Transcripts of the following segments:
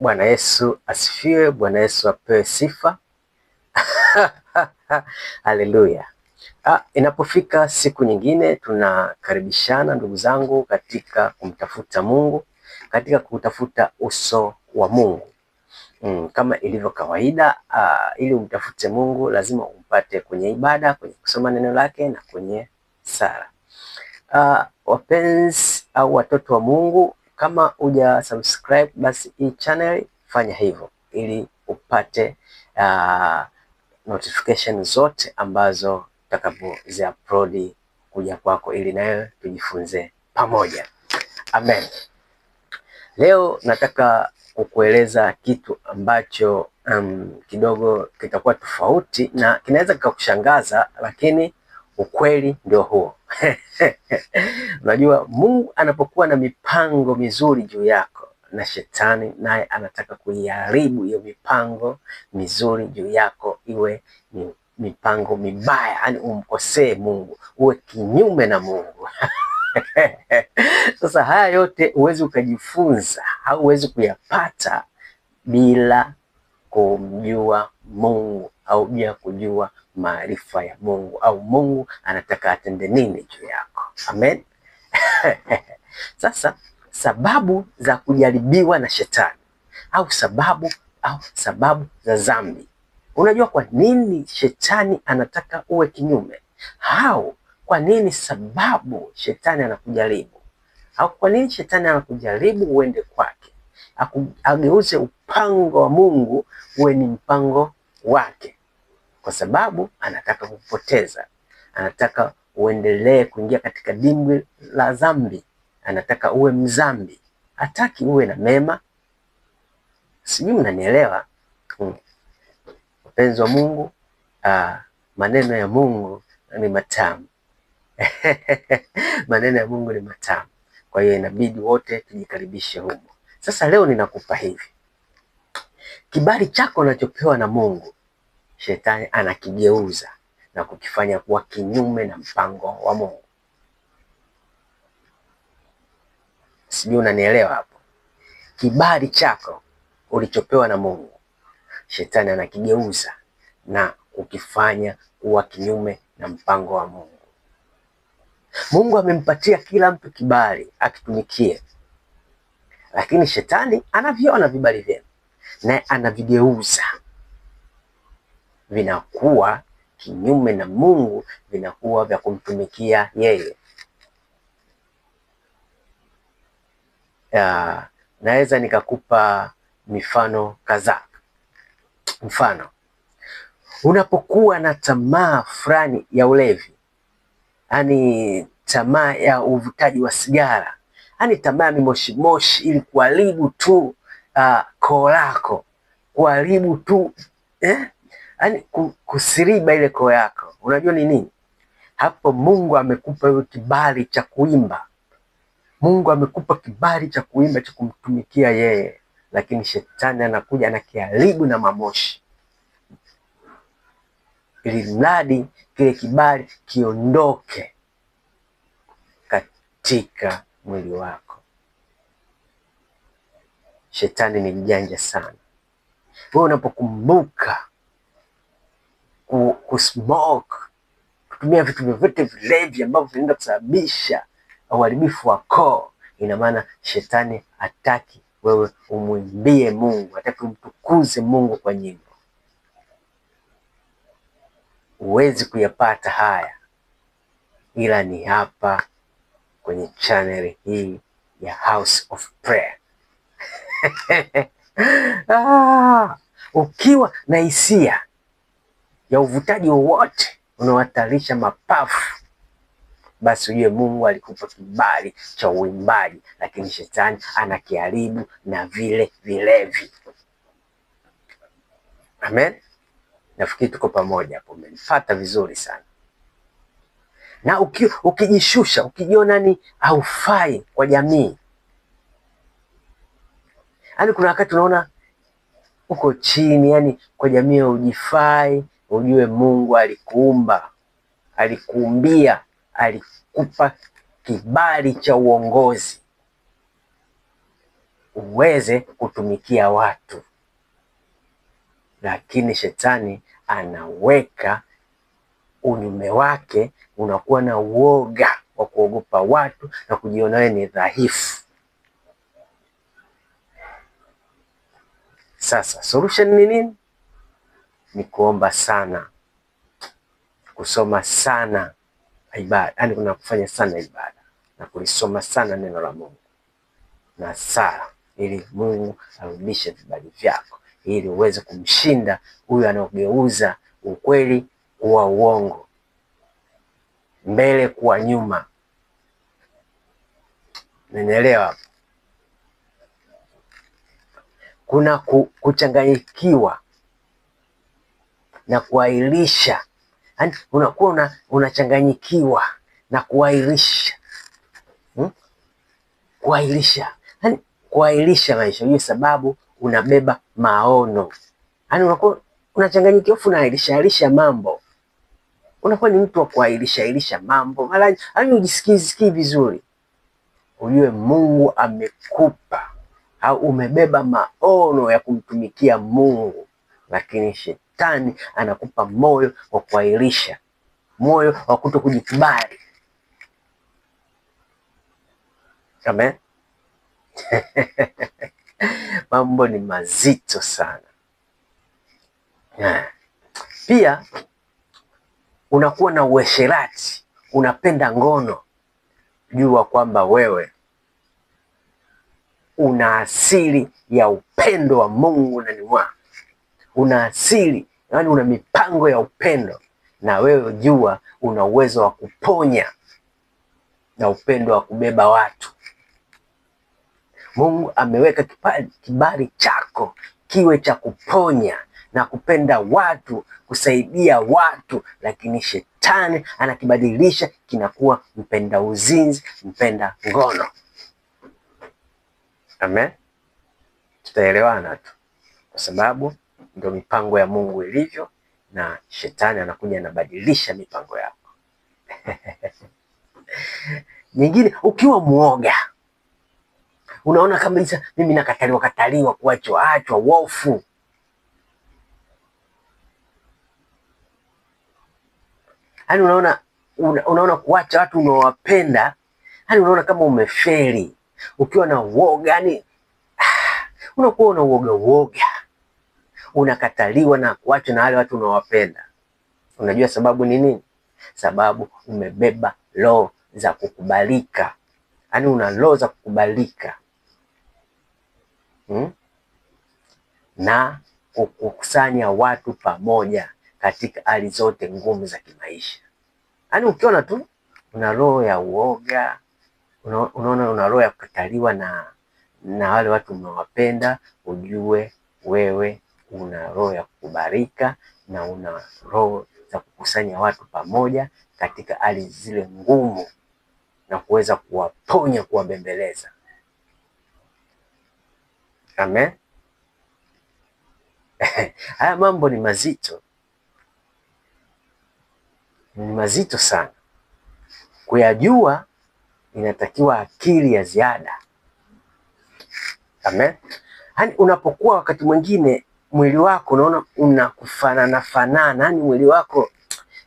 Bwana Yesu asifiwe. Bwana Yesu apewe sifa. Haleluya. Ah, inapofika siku nyingine tunakaribishana ndugu zangu katika kumtafuta Mungu, katika kutafuta uso wa Mungu. Mm, kama ilivyo kawaida ah, ili umtafute Mungu lazima umpate kwenye ibada, kwenye kusoma neno lake na kwenye sala. Ah, wapenzi au watoto wa Mungu kama uja subscribe basi hii channel fanya hivyo, ili upate uh, notification zote ambazo tutakapozi upload kuja kwako, ili nayo tujifunze pamoja. Amen. Leo nataka kukueleza kitu ambacho um, kidogo kitakuwa tofauti na kinaweza kikakushangaza, lakini Ukweli ndio huo. Unajua, Mungu anapokuwa na mipango mizuri juu yako, na shetani naye anataka kuiharibu hiyo mipango mizuri juu yako, iwe ni mipango mibaya, yani umkosee Mungu, uwe kinyume na Mungu. Sasa haya yote huwezi ukajifunza au huwezi kuyapata bila kumjua Mungu au juu kujua maarifa ya Mungu au Mungu anataka atende nini juu yako. Amen. Sasa sababu za kujaribiwa na shetani au sababu au sababu za dhambi. Unajua kwa nini shetani anataka uwe kinyume, au kwa nini sababu shetani anakujaribu, au kwa nini shetani anakujaribu uende kwake, ageuze upango wa Mungu uwe ni mpango wake, kwa sababu anataka kupoteza, anataka uendelee kuingia katika dimbwi la dhambi, anataka uwe mzambi, hataki uwe na mema. Sijui mnanielewa mpenzi hmm, wa Mungu. Aa, ah, maneno ya Mungu ni matamu maneno ya Mungu ni matamu. Kwa hiyo inabidi wote tujikaribishe humo. Sasa leo ninakupa hivi Kibali chako unachopewa na Mungu, shetani anakigeuza na kukifanya kuwa kinyume na mpango wa Mungu. Sijui unanielewa hapo. Kibali chako ulichopewa na Mungu, shetani anakigeuza na kukifanya kuwa kinyume na mpango wa Mungu. Mungu amempatia kila mtu kibali akitumikie, lakini shetani anaviona vibali vyenu naye anavigeuza vinakuwa kinyume na Mungu, vinakuwa vya kumtumikia yeye. Uh, naweza nikakupa mifano kadhaa. Mfano, unapokuwa na tamaa fulani ya ulevi, yaani tamaa ya uvutaji wa sigara, yaani tamaa ya mimoshimoshi moshi ili kuharibu tu uh, koo lako kuharibu tu eh? Yani kusiriba ile koo yako, unajua ni nini hapo? Mungu amekupa hiyo kibali cha kuimba, Mungu amekupa kibali cha kuimba cha kumtumikia yeye, lakini shetani anakuja anakiharibu na mamoshi, ili mradi kile kibali kiondoke katika mwili wako. Shetani ni mjanja sana. Wewe unapokumbuka smoke kutumia vitu vyovyote vilevi ambavyo vinaenda kusababisha uharibifu wa koo, ina maana shetani hataki wewe umwimbie Mungu, hataki umtukuze Mungu kwa nyimbo. Huwezi kuyapata haya ila ni hapa kwenye chaneli hii ya House of Prayer. Ah, ukiwa na hisia ya uvutaji wowote unaohatarisha mapafu, basi ujue Mungu alikupa kibali cha uimbaji, lakini shetani anakiharibu na vile vilevi. Amen. Nafikiri tuko pamoja hapo, umenifuata vizuri sana. Na uki, ukijishusha ukijiona ni haufai kwa jamii, Yaani kuna wakati unaona uko chini, yani kwa jamii ujifai, Ujue Mungu alikuumba, alikuumbia, alikupa kibali cha uongozi uweze kutumikia watu, lakini shetani anaweka unyume wake, unakuwa na uoga wa kuogopa watu na kujiona wewe ni dhaifu. Sasa solution ni nini? Ni kuomba sana, kusoma sana ibada, yaani kuna kufanya sana ibada na kulisoma sana neno la Mungu na sala, ili Mungu arudishe vibali vyako, ili uweze kumshinda huyu anaogeuza ukweli kuwa uongo, mbele kuwa nyuma. hapo? kuna kuchanganyikiwa na kuahirisha, yaani unakuwa una, unachanganyikiwa na kuahirisha hmm? Kuahirisha yani, kuahirisha maisha, hiyo sababu unabeba maono, yani unakuwa unachanganyikiwa afu unaahirisha ahirisha mambo, unakuwa ni mtu wa kuahirisha ahirisha mambo mara, yaani ujisikii vizuri, ujue Mungu amekupa au umebeba maono ya kumtumikia Mungu, lakini shetani anakupa moyo wa kuahirisha, moyo wa kuto kujikubali. Amen. Mambo ni mazito sana. Pia unakuwa na uasherati, unapenda ngono, jua kwamba wewe una asili ya upendo wa Mungu ndani mwako, una asili yani una mipango ya upendo, na wewe jua una uwezo wa kuponya na upendo wa kubeba watu. Mungu ameweka kibali, kibali chako kiwe cha kuponya na kupenda watu, kusaidia watu, lakini shetani anakibadilisha kinakuwa mpenda uzinzi, mpenda ngono. Amen, tutaelewana tu, kwa sababu ndio mipango ya Mungu ilivyo, na shetani anakuja anabadilisha mipango yako nyingine. Ukiwa muoga, unaona kabisa mimi nakataliwa kataliwa, kuachwa achwa, wofu yani unaona, unaona kuacha watu unawapenda, yani unaona kama umeferi ukiwa na uoga yani ah, unakuwa una uoga uoga, unakataliwa na watu na wale watu unawapenda. Unajua sababu ni nini? Sababu umebeba roho za kukubalika, yani una roho za kukubalika hmm? na kukusanya watu pamoja katika hali zote ngumu za kimaisha. Yani ukiona tu una roho ya uoga unaona una roho ya kukataliwa na, na wale watu unawapenda, ujue wewe una roho ya kukubarika na una roho za kukusanya watu pamoja katika hali zile ngumu na kuweza kuwaponya, kuwabembeleza. Amen. Haya mambo ni mazito, ni mazito sana kuyajua inatakiwa akili ya ziada. Amen. Yaani unapokuwa wakati mwingine mwili wako unaona unakufanana fanana, yani mwili wako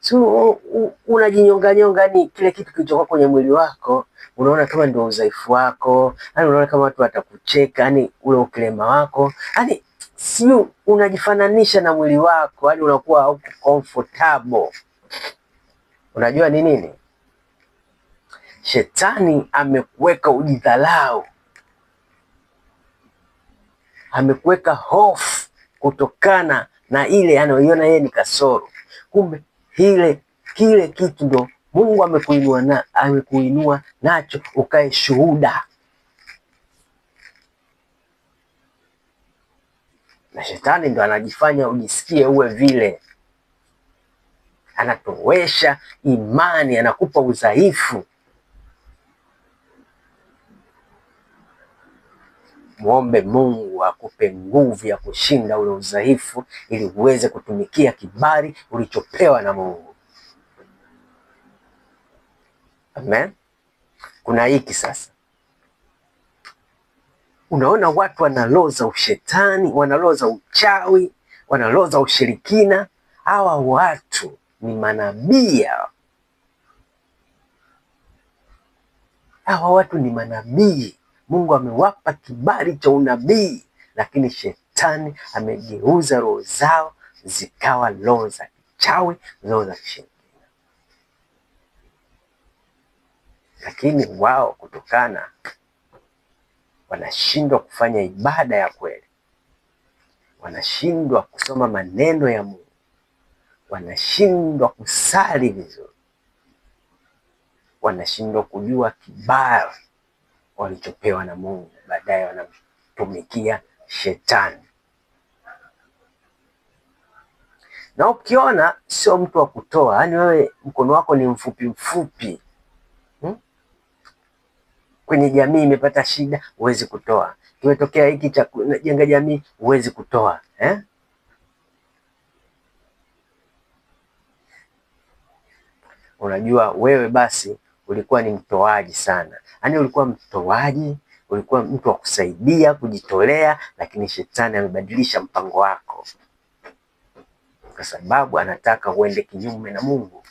so unajinyonga nyonga, ni kile kitu kilichokuwa kwenye mwili wako unaona kama ndio udhaifu wako, yani unaona kama watu watakucheka, yani ule ukilema wako, yani si unajifananisha na mwili wako, yani unakuwa comfortable. Unajua ni nini? Shetani amekuweka ujidhalau, amekuweka hofu kutokana na ile anayoiona yeye ni kasoro. Kumbe ile kile kitu ndo Mungu amekuinua na, amekuinua nacho ukae shuhuda. Na shetani ndo anajifanya ujisikie uwe vile, anatowesha imani, anakupa udhaifu muombe Mungu akupe nguvu ya kushinda ule udhaifu, ili uweze kutumikia kibali ulichopewa na Mungu. Amen. Kuna hiki sasa, unaona watu wanaloza ushetani, wanaloza uchawi, wanaloza ushirikina. Hawa watu ni manabii hawa watu ni manabii. Mungu amewapa kibali cha unabii, lakini shetani amegeuza roho zao zikawa roho za kichawi, roho za kishirikina. Lakini wao kutokana, wanashindwa kufanya ibada ya kweli, wanashindwa kusoma maneno ya Mungu, wanashindwa kusali vizuri, wanashindwa kujua kibali walichopewa na Mungu, baadaye wanatumikia shetani. Na ukiona sio mtu wa kutoa, yaani wewe mkono wako ni mfupi mfupi hmm? Kwenye jamii imepata shida, huwezi kutoa. Kimetokea hiki cha kujenga jamii, huwezi kutoa eh? Unajua wewe basi ulikuwa ni mtoaji sana, yaani ulikuwa mtoaji, ulikuwa mtu wa kusaidia, kujitolea, lakini shetani amebadilisha mpango wako, kwa sababu anataka uende kinyume na Mungu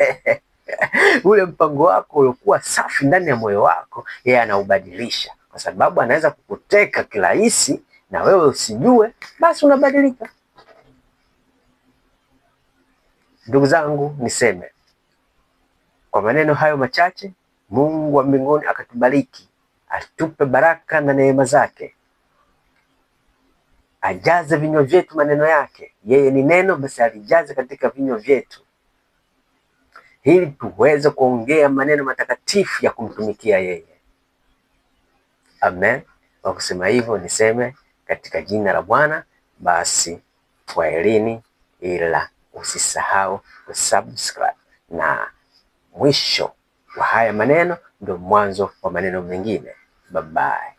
ule mpango wako uliokuwa safi ndani ya moyo wako, yeye anaubadilisha, kwa sababu anaweza kukuteka kirahisi na wewe usijue, basi unabadilika. Ndugu zangu, niseme kwa maneno hayo machache, Mungu wa mbinguni akatubariki, atupe baraka na neema zake, ajaze vinywa vyetu maneno yake. Yeye ni neno, basi alijaze katika vinywa vyetu ili tuweze kuongea maneno matakatifu ya kumtumikia yeye. Amen. Kwa kusema hivyo, niseme katika jina la Bwana, basi twaelini, ila usisahau kusubscribe na Mwisho wa haya maneno ndio mwanzo wa maneno mengine. Bye bye.